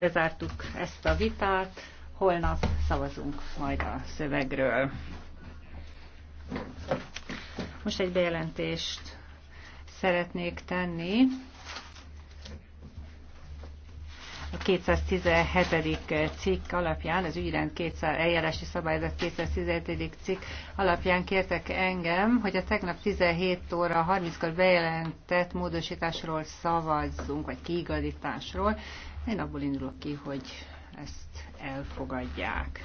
Bezártuk ezt a vitát, holnap szavazunk majd a szövegről. Most egy bejelentést szeretnék tenni a 217. cikk alapján, az ügyrend 200, eljárási szabályzat 217. cikk alapján kértek engem, hogy a tegnap 17 óra 30-kor bejelentett módosításról szavazzunk, vagy kiigazításról. Én abból indulok ki, hogy ezt elfogadják.